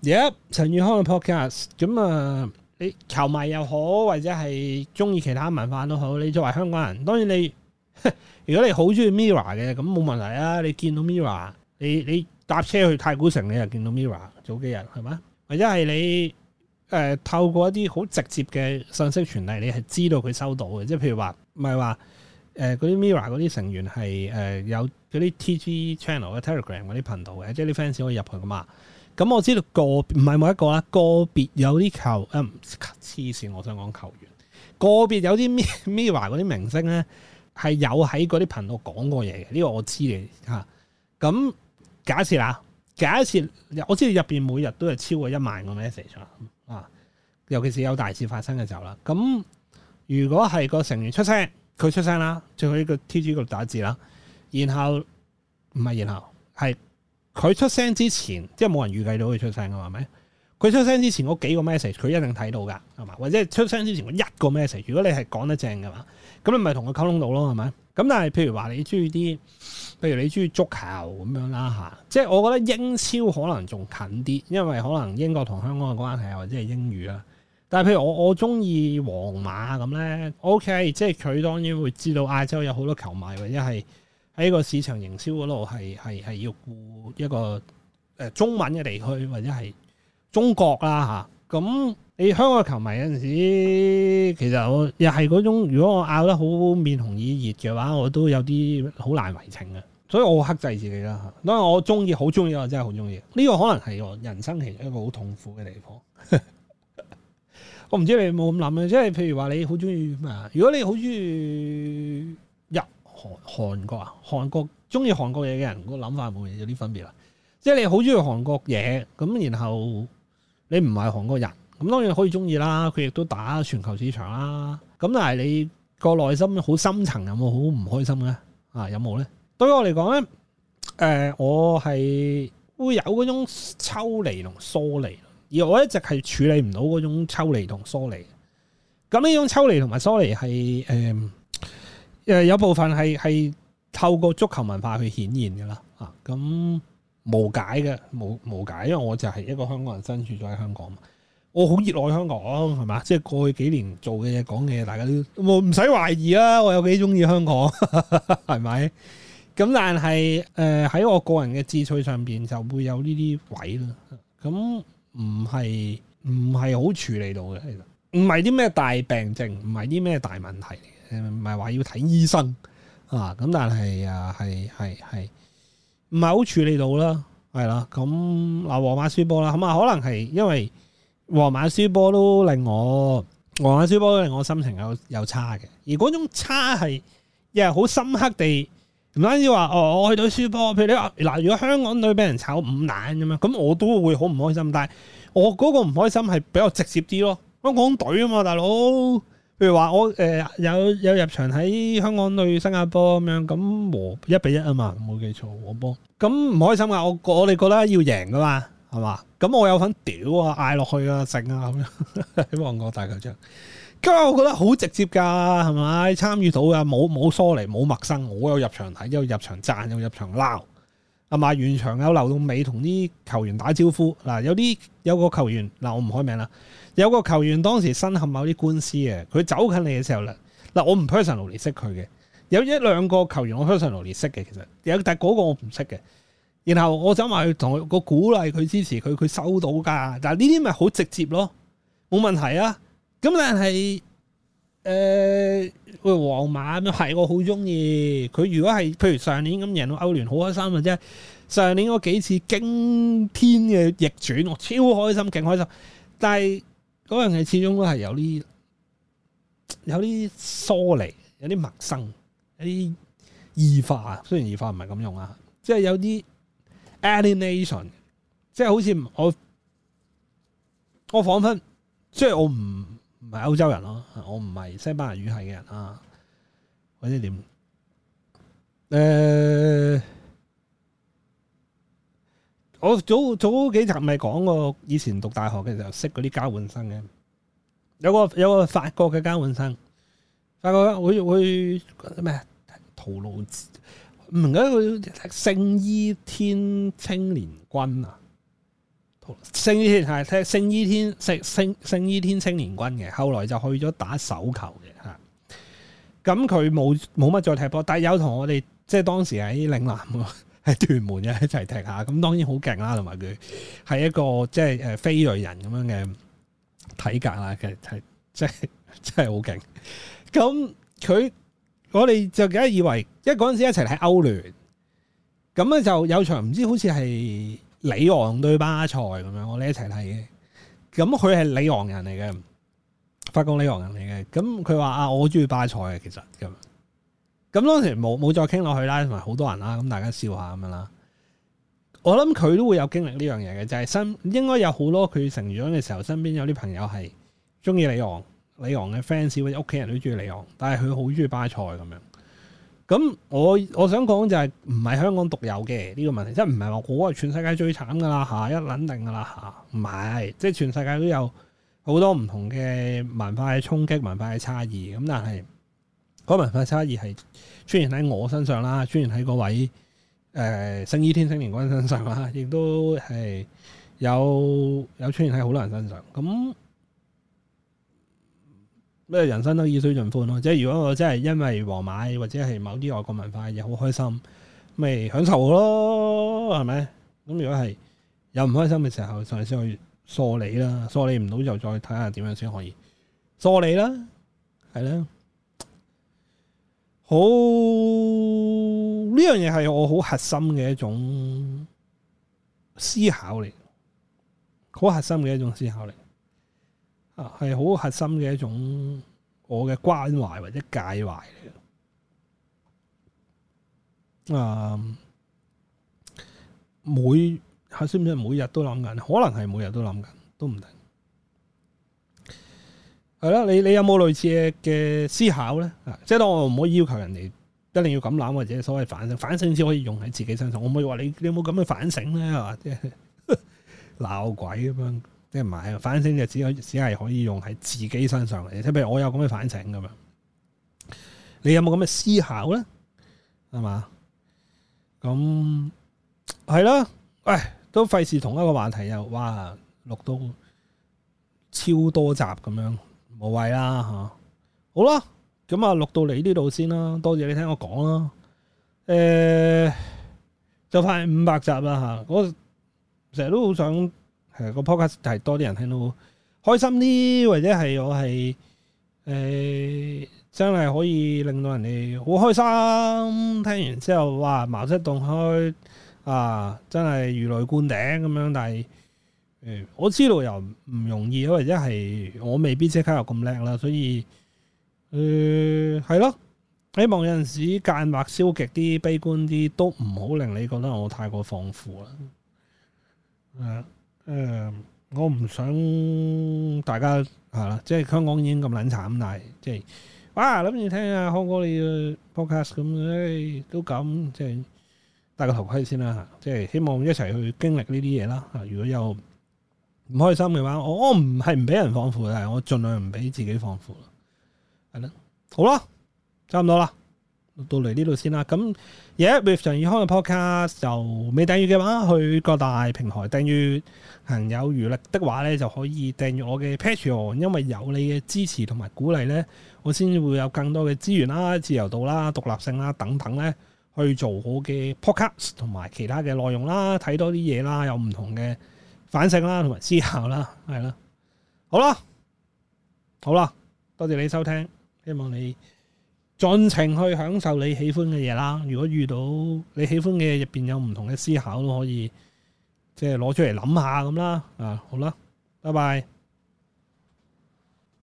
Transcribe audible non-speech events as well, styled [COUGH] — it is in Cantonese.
而、yep, 家陳宇康嘅 podcast，咁、嗯、啊，你球迷又好，或者係中意其他文化都好，你作為香港人，當然你如果你好中意 mirror 嘅，咁冇問題啊！你見到 mirror 你你搭車去太古城，你又見到 mirror 早幾日係嘛？或者係你、呃、透過一啲好直接嘅信息傳遞，你係知道佢收到嘅，即係譬如話唔係話嗰啲 mirror 嗰啲成員係、呃、有嗰啲 TG channel、Telegram 嗰啲頻道,頻道，即係啲 fans 可以入去噶嘛？咁、嗯、我知道個別唔係每一個啦，個別有啲球，唔黐線，我想講球員，個別有啲咩咩話嗰啲明星咧係有喺嗰啲頻道講過嘢嘅，呢、呢個我知嘅嚇。咁假設啦，假設，假設我知道入面每日都係超過一萬個 message 啊，尤其是有大事發生嘅時候啦。咁、嗯、如果係個成員出聲，佢出聲啦，就呢個 T G 嗰度打字啦，然後唔係然後係。佢出聲之前，即係冇人預計到佢出聲嘅話，係咪？佢出聲之前嗰幾個 message，佢一定睇到噶，係嘛？或者出聲之前嗰一個 message，如果你係講得正嘅話，咁你咪同佢溝通到咯，係咪？咁但係譬如話你中意啲，譬如你中意足球咁樣啦吓，即係我覺得英超可能仲近啲，因為可能英國同香港嘅關係啊，或者係英語啊。但係譬如我我中意皇馬咁咧，OK，即係佢當然會知道亞洲有好多球迷，或者係。喺個市場營銷嗰度係係係要顧一個誒中文嘅地區或者係中國啦吓，咁你香港嘅球迷有陣時其實我又係嗰種，如果我拗得好面紅耳熱嘅話，我都有啲好難為情嘅，所以我克制自己啦吓。當然我中意好中意，我真係好中意。呢、這個可能係我人生其中一個好痛苦嘅地方。 [LAUGHS] 我唔知你有冇咁諗嘅，即係譬如話你好中意咩？如果你好中意入。Yeah. 韓國啊，韓國中意韓國嘢嘅人個諗法會有啲分別啦。即係你好中意韓國嘢，咁然後你唔係韓國人，咁當然可以中意啦。佢亦都打全球市場啦。咁但係你個內心好深層有冇好唔開心咧？啊，有冇咧？對我嚟講咧，誒、呃，我係會有嗰種抽離同疏離，而我一直係處理唔到嗰種抽離同疏離。咁呢種抽離同埋疏離係誒。呃誒，有部分係係透過足球文化去顯現噶啦，啊，咁無解嘅，無無解，因為我就係一個香港人，身處在香港，我好熱愛香港，係嘛，即係過去幾年做嘅嘢，講嘅嘢，大家都唔使懷疑啦、啊，我有幾中意香港係咪？咁 [LAUGHS] 但係誒喺我個人嘅智趣，上邊就會有呢啲位啦，咁唔係唔係好處理到嘅，其實唔係啲咩大病症，唔係啲咩大問題。誒，唔係話要睇醫生啊，咁但係啊，係係係唔係好處理到啦，係啦，咁嗱皇馬輸波啦，咁啊可能係因為皇馬輸波都令我皇馬輸波都令我心情有有差嘅，而嗰種差係又係好深刻地唔單止話哦，我去到輸波，譬如你話嗱，如果香港隊俾人炒五爛咁樣，咁我都會好唔開心，但係我嗰個唔開心係比較直接啲咯，香港隊啊嘛，大佬。譬如話我誒，有有入場喺香港對新加坡咁樣，咁和一比一啊嘛，冇記錯和波，咁唔開心噶，我我哋覺得要贏噶嘛，係嘛？咁我有份屌啊，嗌落去啊，食啊咁樣喺旺角大球場，今日我覺得好直接噶，係咪參與到呀？冇冇疏離，冇陌生，我有入場睇，又入場讚又入場撈。啊嘛，現場有留到尾同啲球員打招呼。嗱，有啲有個球員，嗱我唔開名啦。有個球員當時身陷某啲官司嘅，佢走近你嘅時候啦，嗱我唔 personal 嚟識佢嘅。有一兩個球員我 personal 嚟識嘅，其實有，但嗰個我唔識嘅。然後我想話去同佢個鼓勵佢支持佢，佢收到噶。但呢啲咪好直接咯，冇問題啊。咁但係誒。呃喂，皇馬咁係我好中意佢。如果係，譬如上年咁贏到歐聯，好開心嘅啫。上年嗰幾次驚天嘅逆轉，我超開心，勁開心。但係嗰樣嘢始終都係有啲有啲疏離，有啲陌生，有啲異化。雖然異化唔係咁用啊，即係有啲 alienation，即係好似我我仿佛，即係我唔。唔係歐洲人咯，我唔係西班牙語系嘅人啊，或者點？誒、呃，我早早幾集咪講過，以前讀大學嘅時候識嗰啲交換生嘅，有個有個法國嘅交換生，法國會去咩？徒勞唔記得佢聖衣天青年軍啊！聖衣天係踢聖衣天聖聖聖衣天青年軍嘅，後來就去咗打手球嘅吓。咁佢冇冇乜再踢波，但係有同我哋即係當時喺嶺南喺屯門嘅一齊踢下。咁、嗯、當然好勁啦，同埋佢係一個即係誒非裔人咁樣嘅體格啦，其實係即係真係好勁。咁佢、嗯、我哋就而家以為，因為嗰陣時一齊喺歐聯，咁咧就有場唔知好似係。里昂對巴塞咁樣，我哋一齊睇嘅。咁佢係里昂人嚟嘅，法國里昂人嚟嘅。咁佢話啊，我好中意巴塞嘅，其實咁。咁當時冇冇再傾落去啦，同埋好多人啦，咁大家笑下咁樣啦。我諗佢都會有經歷呢樣嘢嘅，就係、是、身應該有好多佢成長嘅時候，身邊有啲朋友係中意里昂、里昂嘅 fans 或者屋企人都中意里昂，但係佢好中意巴塞咁樣。咁我我想講就係唔係香港獨有嘅呢個問題，即係唔係話我係全世界最慘㗎啦，一撚定㗎啦，唔係，即係全世界都有好多唔同嘅文化嘅衝擊、文化嘅差異，咁但係嗰文化差異係出現喺我身上啦，出現喺嗰位誒聖衣天聖年軍身上啦，亦都係有有出現喺好多人身上，咁。咩人生得意須盡歡咯，即係如果我真係因為皇馬或者係某啲外國文化嘢好開心，咪享受咯，係咪？咁如果係有唔開心嘅時候，就係先去梳理啦，梳理唔到就再睇下點樣先可以梳理啦，係啦。好，呢樣嘢係我好核心嘅一種思考嚟，好核心嘅一種思考嚟。啊，係好核心嘅一種我嘅關懷或者介懷嚟嘅。啊，每係算唔算每日都諗緊？可能係每日都諗緊，都唔定。係咯，你你有冇類似嘅思考咧？啊，即係當我唔可以要求人哋一定要咁諗，或者所謂反省，反省先可以用喺自己身上。我唔可以話你，你有冇咁嘅反省咧？係嘛，即係鬧鬼咁樣。即係唔係，反省就只可只係可以用喺自己身上嚟，即譬如我有咁嘅反省噶嘛，你有冇咁嘅思考咧？係嘛？咁、嗯、係啦，喂，都費事同一個話題又哇，錄到超多集咁樣，冇謂啦吓。好啦，咁啊，錄到你呢度先啦，多謝你聽我講啦。誒、欸，就快五百集啦吓，我成日都好想。係、嗯，那個 podcast 係多啲人聽到開心啲，或者係我係誒、欸、真係可以令到人哋好開心。聽完之後，哇！茅塞洞開啊，真係如雷灌頂咁樣。但係誒、呃，我知道又唔容易，或者係我未必即刻又咁叻啦。所以誒係咯，希望有陣時間或消極啲、悲觀啲，都唔好令你覺得我太過放肆啦。嗯。誒、嗯，我唔想大家係啦，即係香港已經咁撚慘但係，即係，哇諗住聽啊康哥你嘅 podcast 咁，誒都咁，即係戴個頭盔先啦吓，即係希望一齊去經歷呢啲嘢啦吓，如果有唔開心嘅話，我我唔係唔俾人放負，但係我盡量唔俾自己放負啦，係啦好啦，差唔多啦。到嚟呢度先啦，咁而家 with 常宇康嘅 podcast 就未訂閱嘅話，去各大平台訂閱，行有餘力的話咧，就可以訂閱我嘅 Patreon。因為有你嘅支持同埋鼓勵咧，我先會有更多嘅資源啦、自由度啦、獨立性啦等等咧，去做好嘅 podcast 同埋其他嘅內容啦，睇多啲嘢啦，有唔同嘅反省啦，同埋思考啦，係啦，好啦，好啦，多謝你收聽，希望你。盡情去享受你喜歡嘅嘢啦！如果遇到你喜歡嘅嘢入邊有唔同嘅思考都可以拿，即係攞出嚟諗下咁啦。啊，好啦，拜拜。